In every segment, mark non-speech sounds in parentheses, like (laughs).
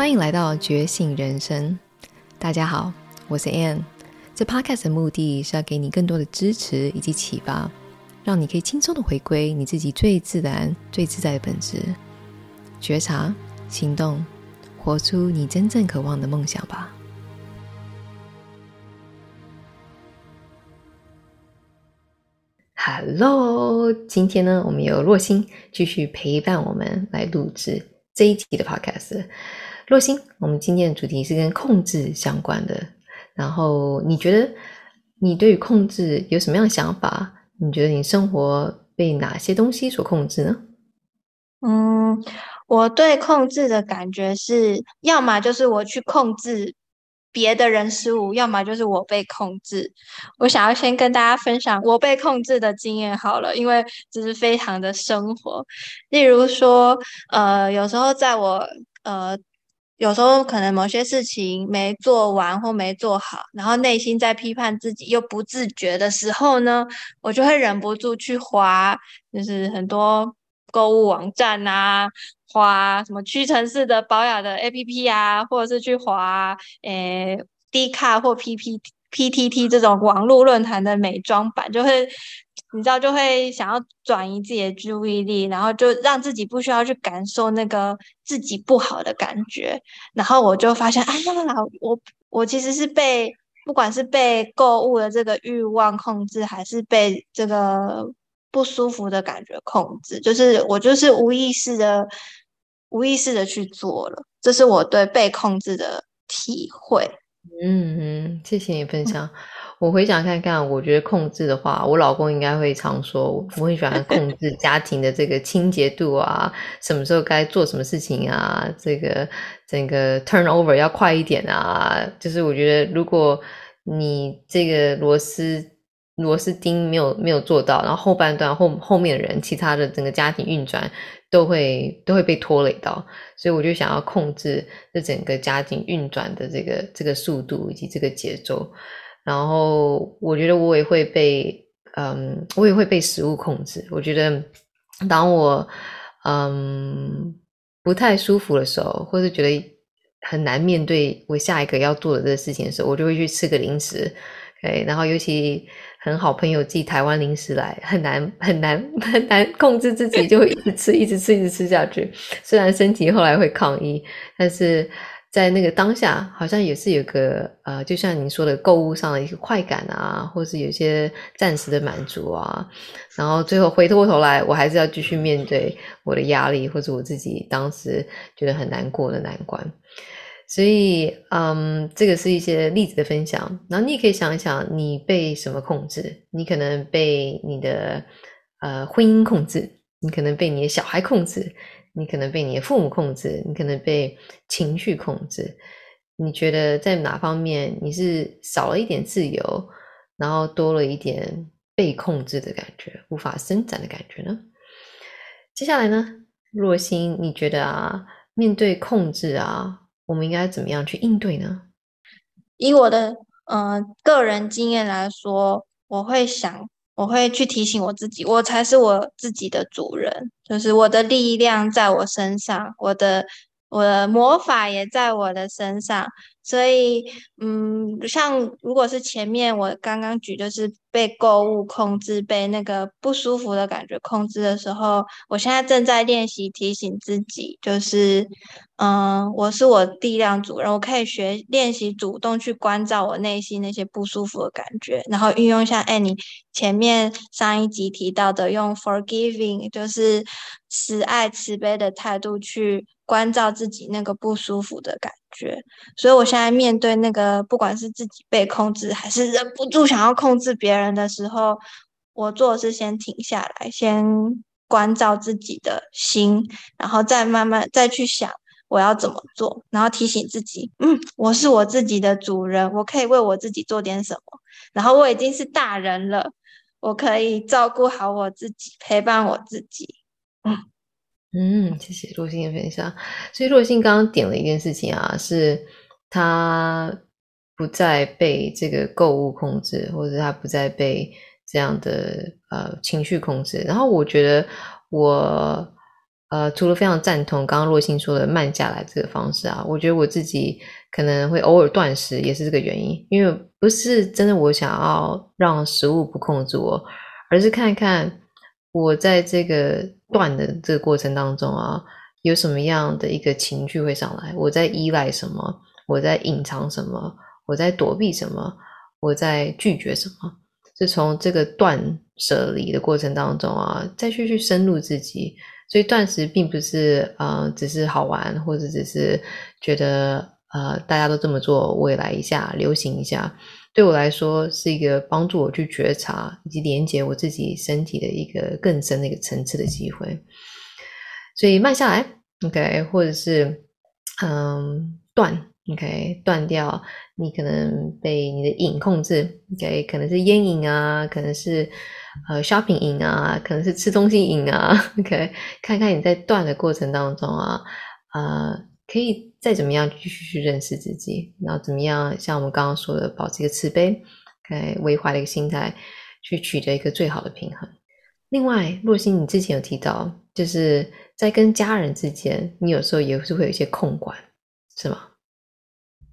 歡迎來到覺醒人生。大家好，我是 Ann。這 Podcast 的目的是要給你更多的支持以及啟發，讓你可以輕鬆的回歸你自己最自然、最自在的本質，覺察、行動，活出你真正渴望的夢想吧。Hello，今天呢，我們由若星繼續陪伴我們來錄製這一集的 Podcast。若星，我們今天的主題是跟控制相關的。然後你覺得你對於控制有什麼樣的想法？你覺得你生活被哪些東西所控制呢？嗯，我對控制的感覺是，要麼就是我去控制別的人事物，要麼就是我被控制。我想要先跟大家分享我被控制的經驗好了，因為這是非常的生活。例如說，呃，有時候在我呃。有時候可能某些事情沒做完或沒做好，然後內心在批判自己又不自覺的時候呢，我就會忍不住去滑，就是很多購物網站啊，滑什麼屈臣氏的保養的 APP 啊，或者是去滑誒 D 卡或 PPT、PTT 這種網絡論壇的美妝版，就會。你知道，就會想要轉移自己的注意力，然後就讓自己不需要去感受那個自己不好的感覺。然後我就發現，哎、啊、呀，我我其實是被不管是被購物的這個慾望控制，還是被這個不舒服的感覺控制，就是我就是無意識的無意識的去做了。這是我對被控制的體會。嗯，嗯，謝謝你分享。嗯我回想看看，我覺得控制的話，我老公應該會常說，我很喜歡控制家庭的這個清潔度啊， (laughs) 什麼時候該做什麼事情啊，這個整個 turnover 要快一點啊。就是我覺得，如果你這個螺絲螺絲釘沒有沒有做到，然後後半段後後面的人，其他的整個家庭運轉都會都會被拖累到。所以我就想要控制這整個家庭運轉的這個這個速度以及這個節奏。然後我覺得我也會被，嗯，我也會被食物控制。我覺得當我嗯不太舒服的時候，或是覺得很難面對我下一個要做的這個事情的時候，我就會去吃個零食。Okay? 然後尤其很好朋友寄台灣零食來，很難很難很難控制自己，就會一直吃 (laughs) 一直吃一直吃，一直吃下去。雖然身體後來會抗議，但是。在那個當下，好像也是有個呃，就像你說的，購物上的一個快感啊，或是有些暫時的滿足啊，然後最後回過頭來，我還是要繼續面對我的壓力，或者我自己當時覺得很難過的難關。所以，嗯，這個是一些例子的分享，然後你也可以想一想，你被什麼控制？你可能被你的呃婚姻控制，你可能被你的小孩控制。你可能被你的父母控制，你可能被情緒控制。你覺得在哪方面你是少了一點自由，然後多了一點被控制的感覺，無法伸展的感覺呢？接下來呢，若心，你覺得啊，面對控制啊，我們應該怎麼樣去應對呢？以我的嗯、呃、個人經驗來說，我會想。我會去提醒我自己，我才是我自己的主人，就是我的力量在我身上，我的，我的魔法也在我的身上。所以，嗯，像如果是前面我剛剛舉，就是被購物控制，被那個不舒服的感覺控制的時候，我現在正在練習提醒自己，就是，嗯、呃，我是我力量主人，我可以學練習主動去觀照我內心那些不舒服的感覺，然後運用一下，哎，你前面上一集提到的用 forgiving，就是慈愛、慈悲的態度去。觀照自己那個不舒服的感覺，所以我現在面對那個，不管是自己被控制，還是忍不住想要控制別人的時候，我做的是先停下來，先觀照自己的心，然後再慢慢再去想我要怎麼做，然後提醒自己，嗯，我是我自己的主人，我可以為我自己做點什麼，然後我已經是大人了，我可以照顧好我自己，陪伴我自己，嗯。嗯，謝謝洛星的分享。所以洛星剛剛點了一件事情啊，是他不再被這個購物控制，或者他不再被這樣的呃情緒控制。然後我覺得我呃，除了非常贊同剛剛洛星說的慢下來這個方式啊，我覺得我自己可能會偶爾斷食，也是這個原因。因為不是真的我想要讓食物不控制我，而是看一看。我在這個斷的這個過程當中啊，有什麼樣的一個情緒會上來？我在依賴什麼？我在隱藏什麼？我在躲避什麼？我在拒絕什麼？是從這個斷舍離的過程當中啊，再去去深入自己。所以斷食並不是啊、呃，只是好玩，或者只是覺得呃，大家都這麼做，我也來一下，流行一下。對我來說是一個幫助我去覺察以及連接我自己身體的一個更深的一個層次的機會，所以慢下來，OK，或者是嗯斷，OK，斷掉你可能被你的癮控制，OK，可能是煙癮啊，可能是呃 shopping 癮啊，可能是吃東西癮啊，OK，看看你在斷的過程當中啊，啊、呃、可以。再怎麼樣，繼續去認識自己，然後怎麼樣？像我們剛剛說的，保持一個慈悲、微懷的一個心態，去取得一個最好的平衡。另外，若心，你之前有提到，就是在跟家人之間，你有時候也是會有一些控管，是嗎？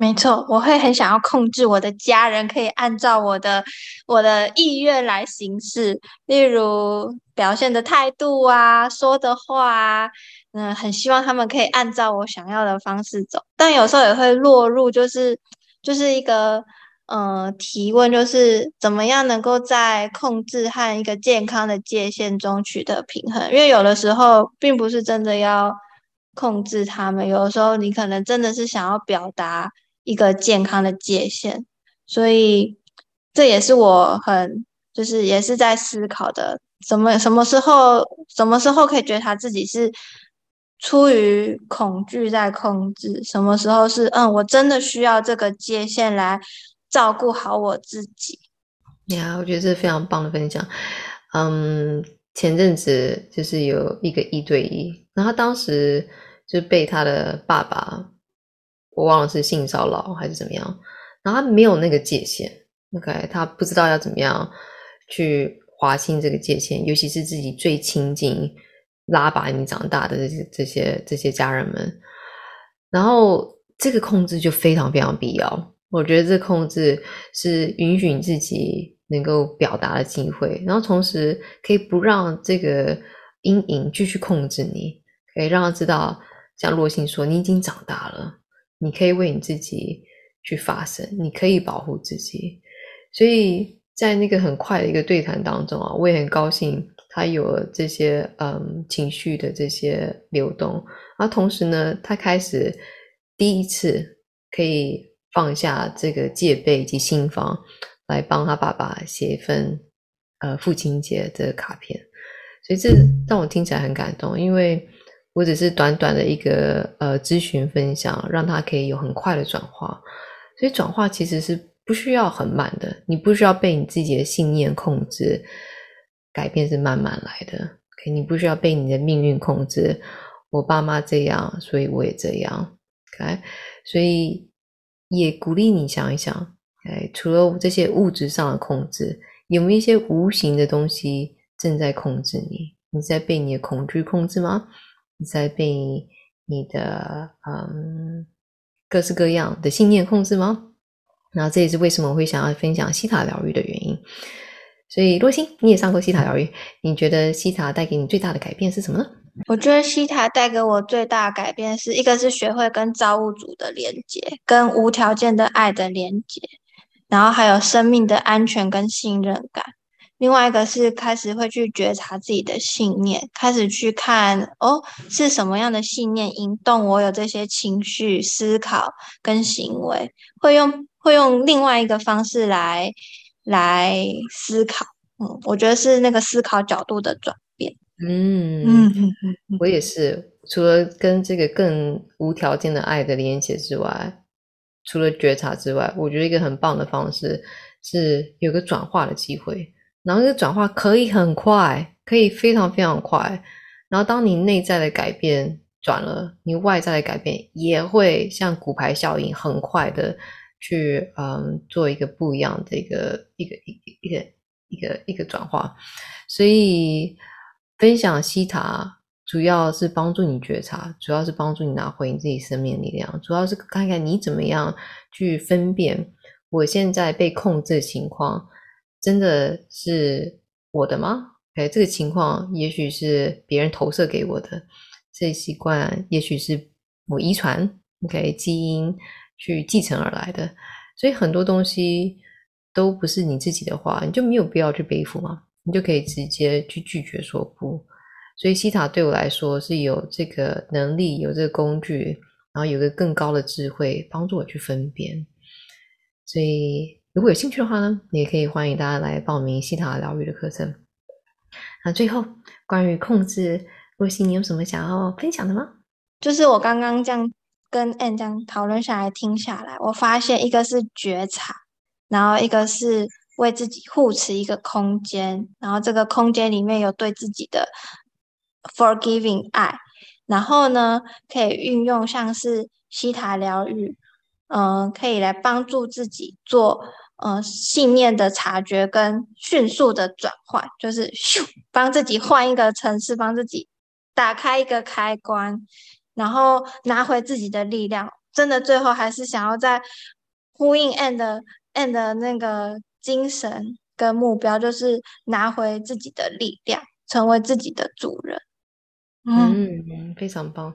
沒錯，我會很想要控制我的家人，可以按照我的我的意願來行事，例如表現的態度啊，說的話啊，嗯、呃，很希望他們可以按照我想要的方式走。但有時候也會落入，就是就是一個，嗯、呃，提問，就是怎麼樣能夠在控制和一個健康的界限中取得平衡？因為有的時候並不是真的要控制他們，有的時候你可能真的是想要表達。一個健康的界限，所以這也是我很就是也是在思考的，什麼什麼時候什麼時候可以覺得他自己是出於恐懼在控制，什麼時候是嗯我真的需要這個界限來照顧好我自己。對呀，yeah, 我覺得這非常棒的分享。嗯、um,，前陣子就是有一個一對一，然後當時就被他的爸爸。我忘了是性騷擾還是怎麼樣，然後他沒有那個界限，OK，他不知道要怎麼樣去劃清這個界限，尤其是自己最親近、拉拔你長大的這些、這些、這些家人們，然後這個控制就非常非常必要。我覺得這控制是允許你自己能夠表達的機會，然後同時可以不讓這個陰影繼續控制你，可以讓他知道，像洛星說，你已經長大了。你可以為你自己去發聲，你可以保護自己，所以在那個很快的一個對談當中啊，我也很高興他有了這些嗯情緒的這些流動，而、啊、同時呢，他開始第一次可以放下這個戒備以及心防，來幫他爸爸寫一份呃父親節的卡片，所以這讓我聽起來很感動，因為。或者是短短的一個呃諮詢分享，讓他可以有很快的轉化，所以轉化其實是不需要很慢的，你不需要被你自己的信念控制，改變是慢慢來的，okay, 你不需要被你的命運控制。我爸媽這樣，所以我也這樣，哎、okay，所以也鼓勵你想一想，okay, 除了這些物質上的控制，有沒有一些無形的東西正在控制你？你是在被你的恐懼控制嗎？在被你的嗯，各式各樣的信念控制嗎？然後這也是為什麼我會想要分享西塔療癒的原因。所以，若星，你也上過西塔療癒，你覺得西塔帶給你最大的改變是什麼呢？我覺得西塔帶給我最大的改變是一個是學會跟造物主的連接，跟無條件的愛的連接，然後還有生命的安全跟信任感。另外一個是開始會去覺察自己的信念，開始去看哦，是什麼樣的信念引動我有這些情緒、思考跟行為，會用會用另外一個方式來來思考。嗯，我覺得是那個思考角度的轉變。嗯嗯， (laughs) 我也是。除了跟這個更無條件的愛的連接之外，除了覺察之外，我覺得一個很棒的方式是有個轉化的機會。然後這個轉化可以很快，可以非常非常快。然後當你內在的改變轉了，你外在的改變也會像骨牌效應，很快的去嗯做一個不一樣的一個一個一個一個一個，一個轉化。所以分享希塔主要是幫助你覺察，主要是幫助你拿回你自己生命力量，主要是看看你怎麼樣去分辨我現在被控制的情況。真的是我的嗎？誒，okay，這個情況也許是別人投射給我的，這習慣也許是我遺傳 OK 基因去繼承而來的，所以很多東西都不是你自己的話，你就沒有必要去背負嘛，你就可以直接去拒絕說不。所以西塔對我來說是有這個能力，有這個工具，然後有個更高的智慧幫助我去分辨，所以。如果有興趣的話呢，也可以歡迎大家來報名西塔療癒的課程。那最後，關於控制，露西，你有什麼想要分享的嗎？就是我剛剛這樣跟 Anne 這樣討論下來、聽下來，我發現一個是覺察，然後一個是為自己護持一個空間，然後這個空間裡面有對自己的 forgiving 愛，然後呢，可以運用像是西塔療癒，嗯、呃，可以來幫助自己做。呃，信念的察覺跟迅速的轉換，就是咻，幫自己換一個城市，幫自己打開一個開關，然後拿回自己的力量。真的，最後還是想要再呼應 end end 的那個精神跟目標，就是拿回自己的力量，成為自己的主人。嗯，嗯，非常棒。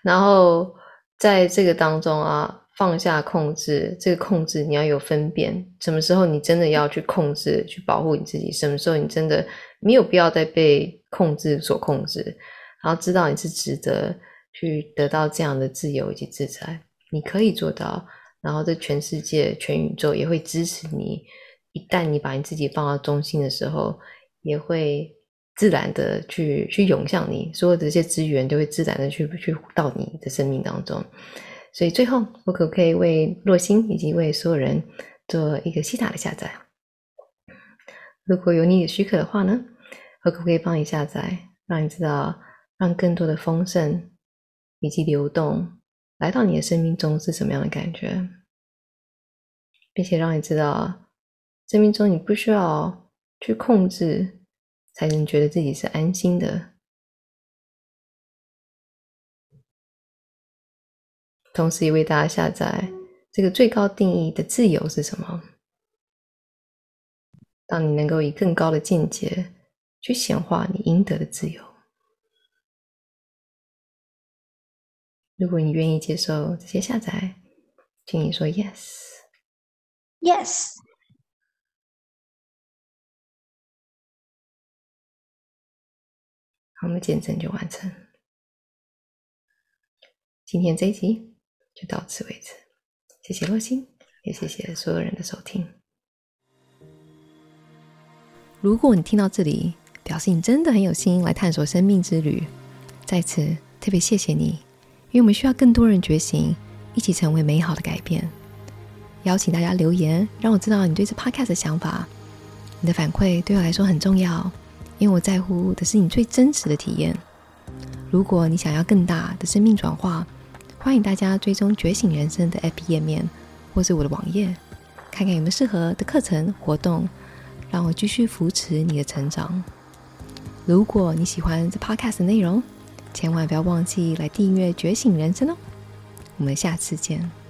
然後在這個當中啊。放下控制，這個控制你要有分辨，什麼時候你真的要去控制、去保護你自己，什麼時候你真的沒有必要再被控制所控制，然後知道你是值得去得到這樣的自由以及自在，你可以做到，然後這全世界、全宇宙也會支持你。一旦你把你自己放到中心的時候，也會自然的去去湧向你，所有的這些資源都會自然的去去到你的生命當中。所以最後，我可不可以為若心以及為所有人做一個西塔的下載？如果有你的許可的話呢，我可不可以幫你下載，讓你知道，讓更多的豐盛以及流動來到你的生命中是什麼樣的感覺，並且讓你知道，生命中你不需要去控制，才能覺得自己是安心的。同時，也為大家下載這個最高定義的自由是什麼？讓你能夠以更高的境界去顯化你應得的自由。如果你願意接受這些下載，請你說 yes，yes。Yes. 好，我們的見證就完成。今天這一集，到此為止，謝謝洛星，也謝謝所有人的收聽。如果你聽到這裡，表示你真的很有心來探索生命之旅，在此特別謝謝你，因為我們需要更多人覺醒，一起成為美好的改變。邀請大家留言，讓我知道你對這 podcast 的想法。你的反饋對我來說很重要，因為我在乎的是你最真實的體驗。如果你想要更大的生命轉化，歡迎大家追蹤《覺醒人生》的 App 頁面，或是我的網頁，看看有沒有適合的課程活動，讓我繼續扶持你的成長。如果你喜歡這 Podcast 的內容，千萬不要忘記來訂閱《覺醒人生》哦！我們下次見。